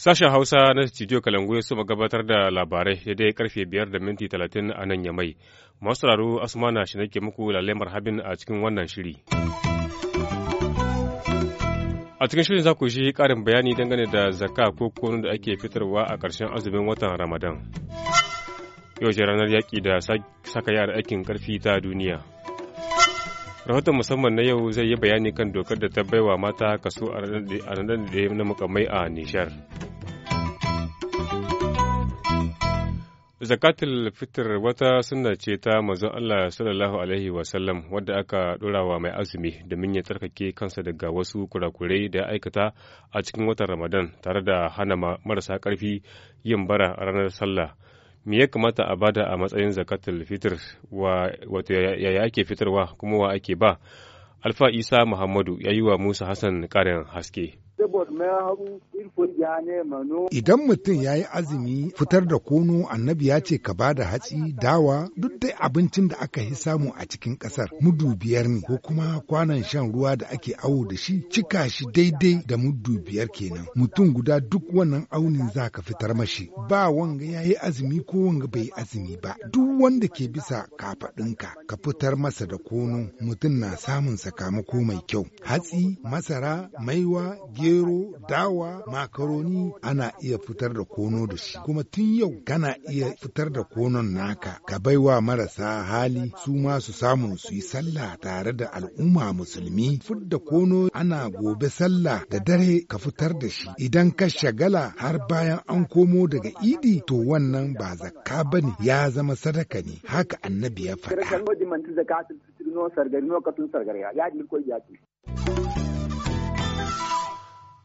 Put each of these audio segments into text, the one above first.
Sashen Hausa na Studio Kalangu ya suma gabatar da labarai daidai karfe biyar da minti talatin a nan yamai. Masu sauraro Asmana shi nake muku lalemar habin a cikin wannan shiri. A cikin shirin za ku shi ƙarin bayani dangane da zakka ko kono da ake fitarwa a ƙarshen azumin watan Ramadan. yau ce ranar yaƙi da saka yara aikin ƙarfi ta duniya. Rahoton musamman na yau zai yi bayani kan dokar da ta baiwa mata kaso a ranar da na mukamai a Nishar. Zakatul fitr wata suna ce ta mazu Allah sallallahu alaihi wasallam wadda aka ɗorawa mai azumi domin ya tsarkake kansa daga wasu kurakurai da aikata a cikin watan Ramadan tare da hana marasa ƙarfi yin bara a ranar sallah. me ya kamata a bada a matsayin zakatul fitr wa wato yaya ake fitarwa kuma wa ake ba alfa isa muhammadu ya yi wa musa hassan karin haske Idan mutum ya yi azumi fitar da kono annabi ya ce ka ba da hatsi dawa duk dai abincin da aka yi samu a cikin ƙasar mudu biyar ne ko kuma kwanan shan ruwa da ake awo da shi cika shi daidai da mudu biyar kenan mutum guda duk wannan aunin za ka fitar mashi ba wanga ya yi azumi ko wanga bai azumi ba duk wanda ke bisa kafaɗinka ka fitar masa da kono mutum na samun sakamako mai kyau hatsi masara maiwa gero gero dawa makaroni ana iya fitar da kono da shi kuma tun yau kana iya fitar da konon naka ka baiwa marasa hali su ma su samu su yi sallah tare da al'umma musulmi da kono ana gobe sallah da dare ka fitar da shi idan ka shagala har bayan an komo daga idi to wannan ba zakka ba ne. ya zama sadaka ne haka annabi ya faɗa.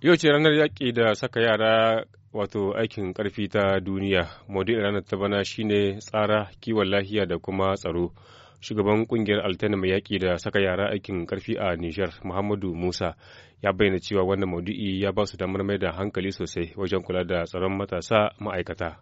Yau ce ranar yaƙi da saka yara wato aikin ƙarfi ta duniya. Maudu'in ranar ta bana shine tsara kiwon lahiya da kuma tsaro. Shugaban ƙungiyar Altana mai yaƙi da saka yara aikin ƙarfi a Nijar, Muhammadu Musa, ya bayyana cewa wannan maudu'i ya ba su damar mai da hankali sosai wajen kula da tsaron matasa ma'aikata.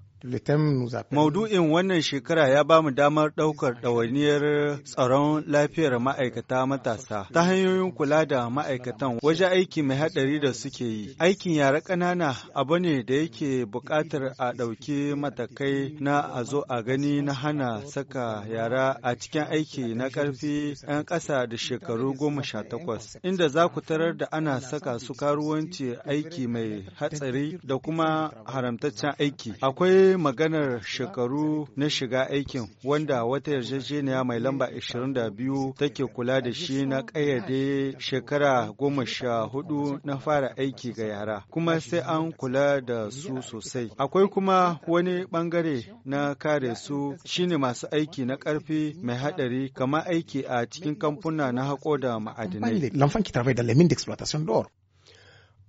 Maudu'in wannan shekara ya ba mu damar ɗaukar ɗawainiyar tsaron lafiyar ma'aikata matasa ta hanyoyin kula da ma'aikatan waje aiki mai haɗari da suke yi. Aikin yara ƙanana abu ne da yake buƙatar a ɗauki matakai na a zo a gani na hana saka yara a cikin aiki na ƙarfi 'yan ƙasa da shekaru goma sha takwas, inda za ku tarar da ana saka su karuwanci aiki mai hatsari da kuma haramtaccen aiki. Akwai maganar shekaru na shiga aikin wanda wata yarjejeniya mai lamba 22 take kula da shi na ƙayyade shekara goma sha hudu na fara aiki ga yara kuma sai an kula da su sosai akwai kuma wani bangare na kare su shine masu aiki na ƙarfi mai haɗari kama aiki a cikin kamfuna na haƙo da ma'adinai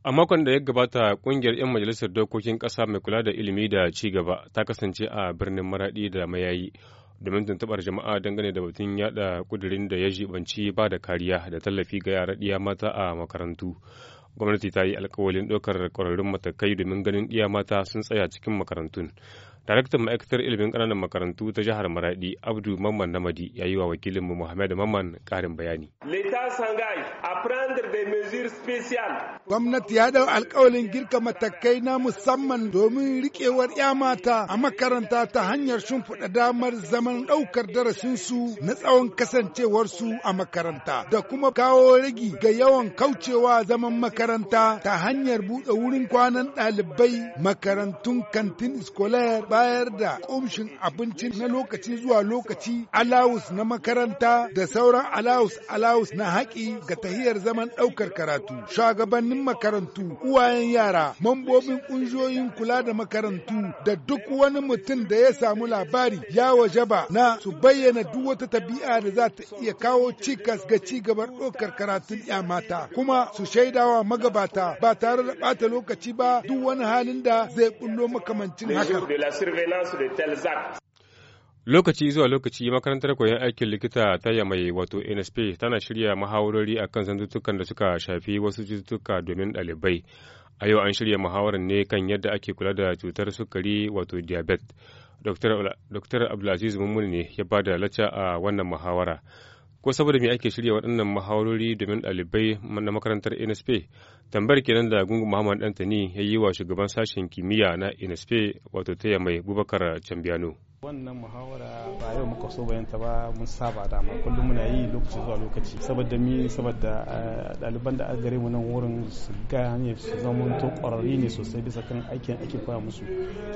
A makon da ya gabata kungiyar 'yan majalisar dokokin ƙasa mai kula da ilimi da ci gaba ta kasance a birnin maraɗi da mayayi domin tuntuɓar jama'a dangane da batun yada kudirin da ya jibanci ba da kariya da tallafi ga yara ɗiya mata a makarantu. Gwamnati ta yi alkawalin ɗaukar ƙwararrun matakai domin ganin ɗiya mata sun tsaya cikin makarantun. Daraktan ma'aikatar ilimin ƙananan makarantu ta jihar Maradi Abdu Mamman Namadi ya yi wa wakilinmu Muhammad Mamman ƙarin bayani. Gwamnati ya dau alkawalin girka matakai na musamman domin riƙewar 'ya mata a makaranta ta hanyar shimfiɗa damar zaman ɗaukar darasinsu na tsawon kasancewarsu a makaranta da kuma kawo ragi ga yawan kaucewa zaman makaranta ta hanyar buɗe wurin kwanan ɗalibai makarantun kantin scolaire bayar da kumshin abinci na lokaci zuwa lokaci alawus na makaranta da sauran alawus alawus na haƙi ga tahiyar zaman ɗaukar karatu shugabannin makarantu uwayen yara mambobin ƙungiyoyin kula da makarantu da duk wani mutum da ya samu labari ya wajaba na su bayyana duk wata tabi'a da za ta iya kawo cikas ga ci gaban ɗaukar karatun ya mata kuma su shaidawa magabata ba tare da ɓata lokaci ba duk wani halin da zai ƙullo makamancin haka surveillance de tels actes. Lokaci zuwa lokaci makarantar koyon aikin likita ta Yamai wato NSP tana shirya muhawarori a kan zantuttukan da suka shafi wasu cututtuka domin ɗalibai. A yau an shirya muhawarar ne kan yadda ake kula da cutar sukari wato diabetes. Dr. Abdulaziz Mummuni ne ya ba da lacca a wannan muhawara. ko saboda me ake shirya waɗannan muhawarori domin ɗalibai na makarantar nsp tambar kenan da gungun muhammad dantani ya yi wa shugaban sashen kimiyya na nsp wato taya mai bubakar cambiano wannan muhawara ba yau muka so bayan ta ba mun saba da ma kullum muna yi lokaci zuwa lokaci saboda mi saboda eh, ɗaliban da gare mu nan wurin su ga ne su zama to ƙwararri ne sosai bisa kan aikin ake koya musu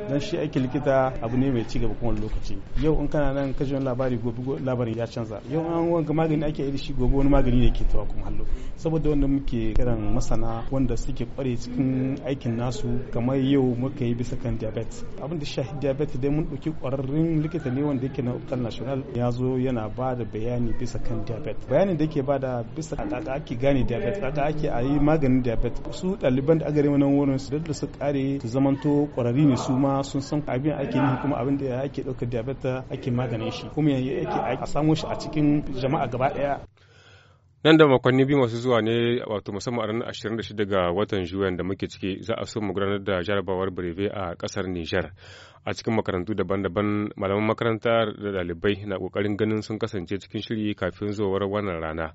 dan shi aikin likita abu ne mai ci gaba kuma lokaci yau in kana nan kashe labari gobe labarin ya canza yau an wanga magani ake yi shi gobe wani magani ne ke tawa kuma hallo saboda wanda muke kiran masana wanda suke kware cikin aikin nasu kamar yau muka yi bisa kan diabetes abin da shahi diabetes dai mun ɗauki kwararrun likita ne wanda yake na national ya zo yana ba da bayani bisa kan diabetes bayanin da yake ba da bisa ake gane diabetes da ake a yi maganin diabetes su ɗaliban da aka rima nan wurin su da su kare su zamanto kwararri ne su ma sun san abin ake kuma abin da ake ɗaukar diabetes ake maganin shi kuma yake a samo shi a cikin jama'a gaba daya. nan da makonni biyu masu zuwa ne wato musamman a ranar 26 ga watan juyan da muke ciki za a so mu gudanar da jarabawar birebe a kasar Nijar a cikin makarantu daban-daban malaman makaranta da dalibai na kokarin ganin sun kasance cikin shiri kafin zuwar wannan rana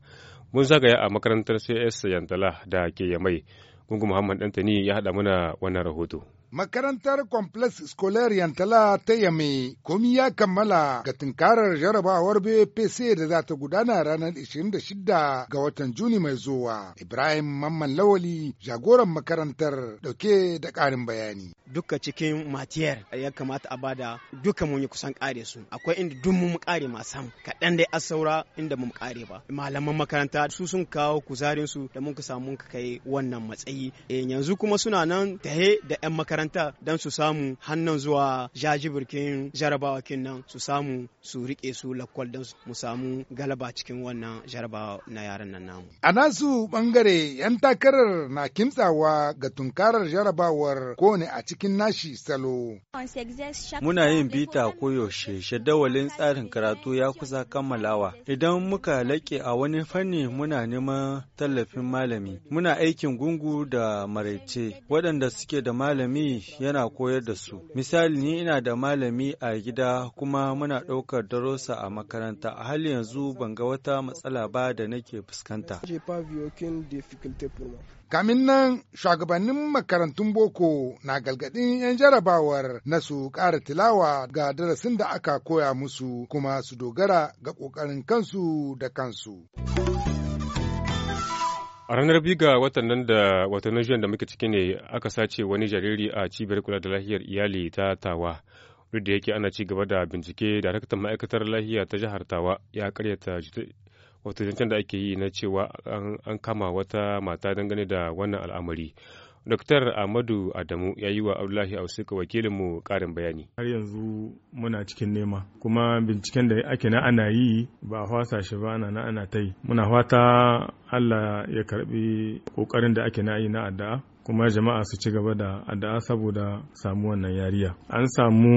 mun zagaya a makarantar CS Yantala da ke Yamai gungun Muhammad Dantani ya haɗa mana wannan rahoto Makarantar Complex Scolaire Yantala ta Yame komi ya kammala ga tunkarar jarabawar BPC da za ta gudana ranar 26 ga watan Juni mai zuwa. Ibrahim Mamman Lawali jagoran makarantar dauke da ƙarin bayani. Duka cikin matiyar ya kamata a bada duka mun yi kusan kare su. Akwai inda duk mun kare masu kaɗan dai asaura inda mun kare ba. Malaman makaranta su sun kawo kuzarin su da mun ka samu kai wannan matsayi. Eh, yanzu kuma suna nan tahe da 'yan makaranta makaranta dan su samu hannun zuwa jajibirkin jarabawa kinnan su samu su rike su lakwal don mu samu galaba cikin wannan jarabawa na yaran nan namu. A nasu bangare 'yan takarar na kimtsawa ga tunkarar jarabawar kone a cikin nashi salo. Muna yin bita koyaushe shaddawalin tsarin karatu ya kusa kammalawa. Idan muka laƙe a wani fanni muna neman tallafin malami. Muna aikin gungu da maraice waɗanda suke da malami malami yana koyar da su. Misali ni ina da malami a gida kuma muna ɗaukar darussa a makaranta. A hali yanzu ban ga wata matsala ba da nake fuskanta. Kamin nan shugabannin makarantun boko na galgadin 'yan jarabawar na su ƙara tilawa ga darasin da aka koya musu kuma su dogara ga ƙoƙarin kansu da kansu. A ranar biyu ga watan da watannin da muke ciki ne aka sace wani jariri a cibiyar kula da lahiyar iyali ta Tawa. Duk da yake ana ci gaba da bincike, daraktan ma'aikatar lahiya ta jihar Tawa ya karyata wato zancen da ake yi na cewa an kama wata mata dangane da wannan al'amari. Dr. Ahmadu Adamu ya yi wa Abdullahi Ausuka wakilinmu ƙarin bayani. Har yanzu muna cikin nema kuma binciken da ake na ana yi ba a hwasa shi ba ana na ana ta yi. Muna fata Allah ya karbi ƙoƙarin da ake na yi na addu'a kuma jama'a su ci gaba da addu'a saboda samu wannan yariya an samu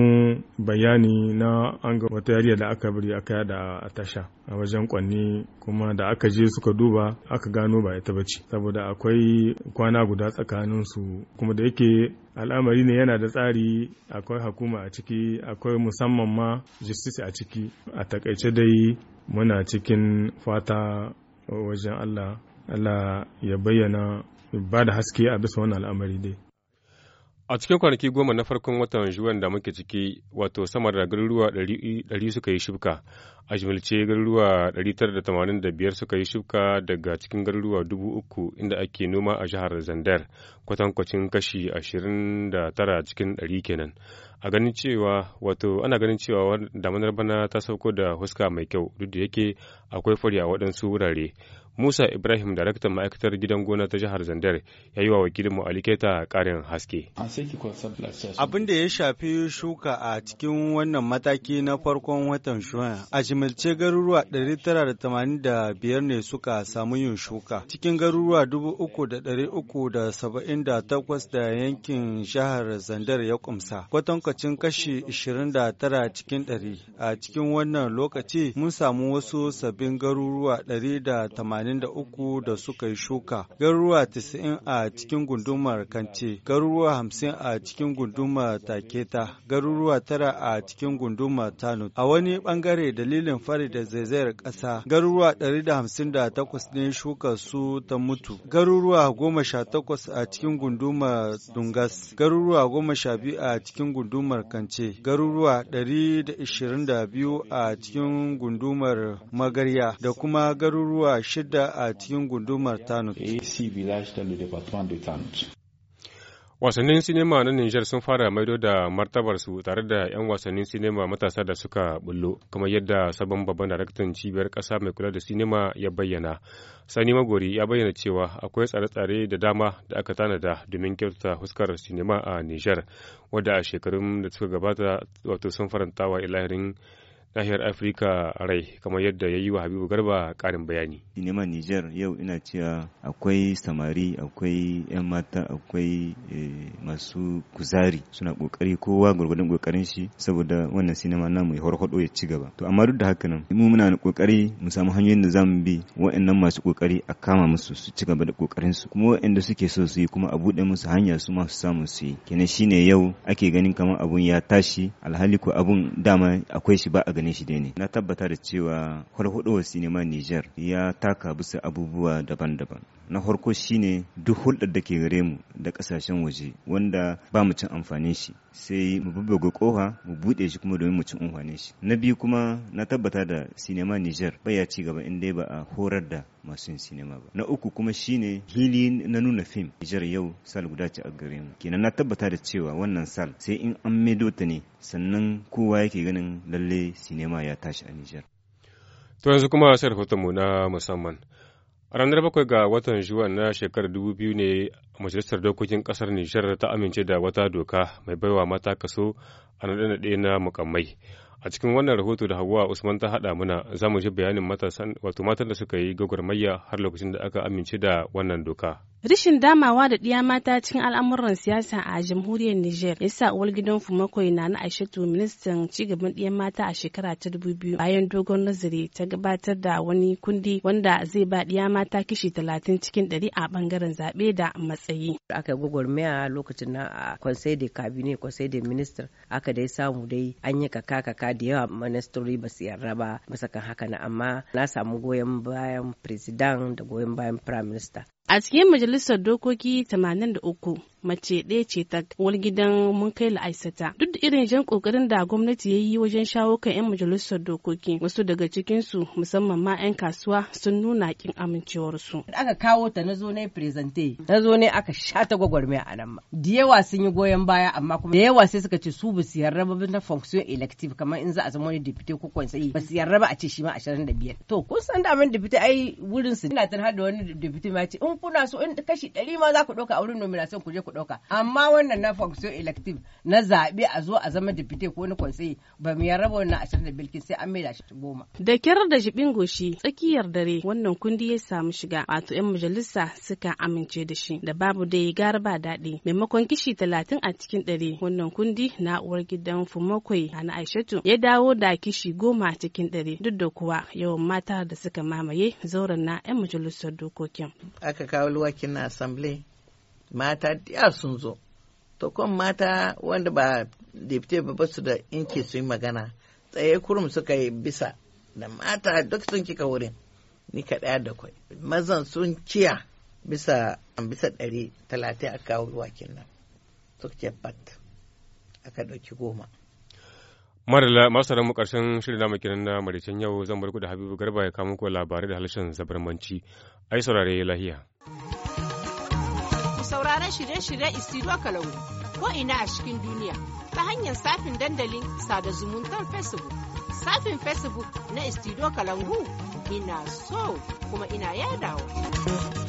bayani na an ga wata yariya da aka bari aka yada a tasha a wajen kwanni kuma da aka je suka duba aka gano ba ita bace saboda akwai kwana guda tsakanin su kuma da yake al'amari ne yana da tsari akwai hukuma a ciki akwai musamman ma justice a ciki a takaice dai muna cikin fata wajen Allah Allah ya bayyana ba da haske a bisa wannan al'amari dai. A cikin kwanaki goma na farkon watan juwan da muke ciki wato sama da garuruwa ɗari suka yi shibka, a jimilce garuruwa tara da da tamanin biyar suka yi shibka daga cikin garuruwa dubu uku inda ake noma a jihar Zandar kwatankwacin kashi ashirin da tara cikin ɗari kenan. A ganin cewa wato ana ganin cewa damanar bana ta sauko da huska mai kyau duk da yake akwai fari a waɗansu wurare. Musa Ibrahim daraktan ma'aikatar gidan gona ta jihar Zandar ya yi wa wakilinmu Ali Keta ƙarin haske. Abin da ya shafi shuka a cikin wannan mataki na farkon watan Juin, a jimilce garuruwa 985 ne suka samu yin shuka. Cikin garuruwa 3,378 da yankin jihar Zandar ya kumsa, kwatankacin kashi 29 cikin 100. A cikin wannan lokaci mun samu wasu sabbin garuruwa 180 83 da suka yi shuka, garuruwa 90 a cikin gundumar Kance, garuruwa 50 a cikin gundumar Taketa, garuruwa 9 a cikin gundumar Tanut. A wani bangare dalilin fari da zaizayar kasa garuruwa 158 ne shuka su ta mutu, garuruwa 18 a cikin gundumar Dungas, garuruwa 12 a cikin gundumar Kance, garuruwa 122 a cikin gundumar Magarya da kuma garuruwa 6 da a cikin gundumar Tanut. Wasannin sinima na Nijar sun fara maido da martabarsu tare da 'yan wasannin sinima matasa da suka bullo, kamar yadda sabon babban daraktan cibiyar ƙasa mai kula da sinima ya bayyana. Sani Magori ya bayyana cewa akwai tsare-tsare da dama da aka tanada domin kyautata huskar sinima a Nijar, wadda a shekarun da suka gabata wato sun faranta wa ilahirin nahiyar afirka rai kamar yadda ya yi wa habibu garba karin bayani neman nijar yau ina cewa akwai samari akwai 'yan mata akwai eh, masu kuzari suna kokari kowa gwargwadon kokarin shi saboda wannan sinima namu ya horhodo ya ci gaba to amma duk da haka nan mu muna da kokari mu samu hanyoyin da zamu bi wa'annan masu kokari a kama musu su ci gaba da kokarin su kuma wa'anda suke so su yi kuma a buɗe musu hanya su ma su samu su yi kenan shine yau ake ganin kamar abun ya tashi alhali ko abun dama akwai shi ba a shi ne na tabbata da cewa kwalhudowar sinima Nijar ya taka bisa abubuwa daban-daban na farko shine duk hulɗar da ke gare mu da ƙasashen waje wanda ba mu cin amfanin shi sai mu bubbuga kofa mu buɗe shi kuma domin mu cin amfanin shi na biyu kuma na tabbata da sinema Nijar baya ci gaba in dai ba a horar da masu yin sinema ba na uku kuma shine hili na nuna fim Nijar yau sal guda ce a gare mu kenan na tabbata da cewa wannan sal sai in an medo ta ne sannan kowa yake ganin lalle sinema sinema ya tashi a Nijar. To yanzu kuma sai mu na musamman. A ranar bakwai ga watan Juwan na shekarar dubu biyu ne Majalisar Dokokin kasar Nijar ta amince da wata doka mai baiwa mata kaso a naɗe-naɗe na mukammai. A cikin wannan rahoto da Hauwa Usman ta haɗa mana za mu ji bayanin wato matan da suka yi gwagwarmaya har lokacin da aka amince da wannan doka. Rishin damawa da ɗiya mata cikin al'amuran siyasa a jamhuriyar Nijar ya sa uwar gidan Fumakoi na na Aishatu ministan cigaban ɗiya mata a shekara ta dubu biyu bayan dogon nazari ta gabatar da wani kundi wanda zai ba ɗiya mata kishi talatin cikin ɗari a bangaren zaɓe da matsayi. Aka yi gwagwarmaya lokacin na a Conseil de Cabinet, Conseil de Minister, aka dai samu dai an yi kaka kaka da yawa ministry ba su yarda ba masakan haka na amma na samu goyon bayan president da goyon bayan prime minister. a cikin majalisar dokoki 83 mace ɗaya ce ta wani gidan mun kai la'aisata duk da irin jan kokarin da gwamnati ya yi wajen shawo kan 'yan majalisar dokoki wasu daga cikinsu musamman ma 'yan kasuwa sun nuna kin amincewarsu. aka kawo ta na zo ne presente na zo ne aka sha ta gwagwarmaya a nan ma da yawa sun yi goyon baya amma kuma da yawa sai suka ce su ba su yarda ba na fonction elective kamar in za a zama wani deputy ko kwansayi ba su yarda ba a ce shi ma 25 to kun san da mun deputy ai wurin su ina tan har da wani deputy ma ce in kuna so in kashi 100 ma za ku ɗauka a wurin nomination ku je ku ɗauka amma wannan na fonction elective na zaɓe a zo a zama dipite ko na kwanse ba mu yarda ba wannan ashirin da bilkin sai an maida shi goma. da kyar da jibin goshi tsakiyar dare wannan kundi ya samu shiga wato yan majalisa suka amince da shi da babu dai gara ba daɗi maimakon kishi talatin a cikin ɗari wannan kundi na uwar gidan fumakwai na aishatu ya dawo da kishi goma a cikin ɗari duk da kuwa yawan mata da suka mamaye zauren na yan majalisar dokokin. aka kawo luwakin na assembly mata diya sun zo to kan mata wanda ba deputy ba basu da inci su yi magana tsaye kurum suka yi bisa da mata duk sun kika wurin ni kaɗaya da kwai mazan sun ciya bisa bisa ɗari talatin a kawo wakin nan suka ce bat aka ɗauki goma Madalla masu sauran mu karshen shirin namu makinan na maricin yau zan bar da Habibu Garba ya kawo ko labarai da harshen zabarmanci. Ai saurare lahiya. sauraron shirye shiryen Isiro Kalau ko ina a cikin duniya ta hanyar safin dandalin sada zumuntar Facebook. Safin Facebook na istido Kalangu ina so kuma ina yadawa.